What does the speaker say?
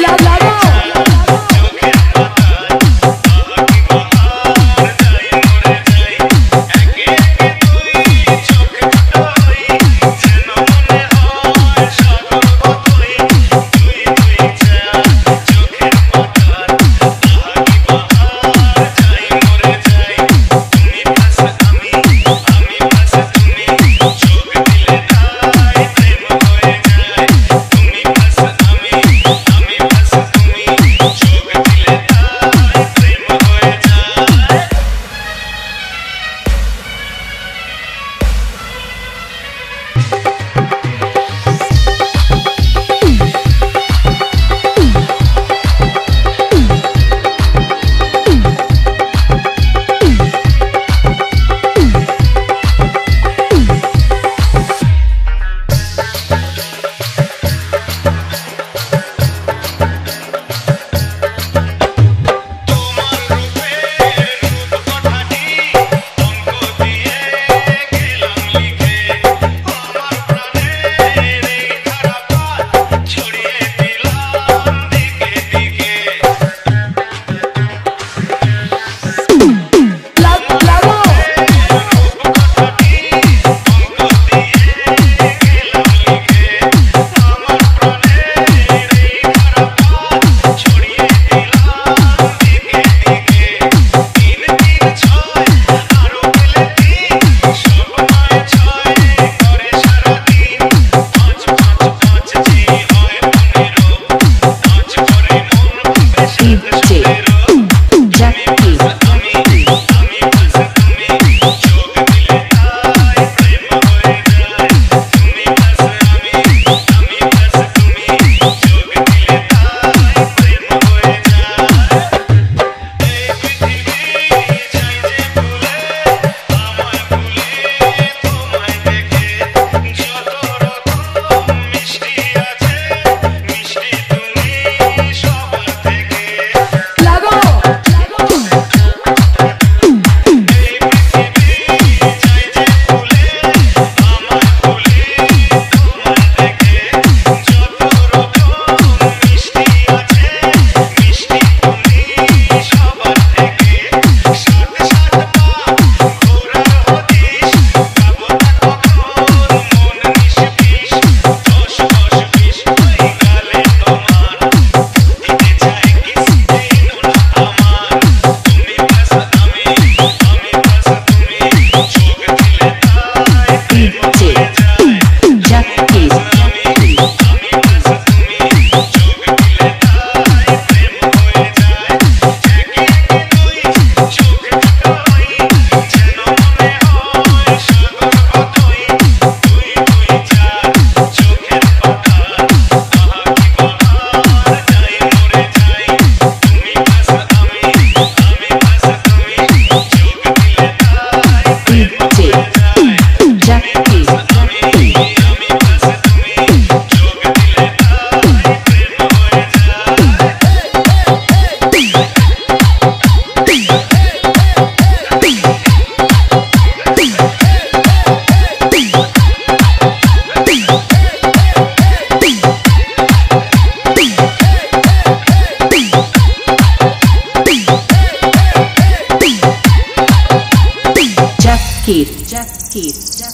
la, Keith. Jeff Keith. Jeff.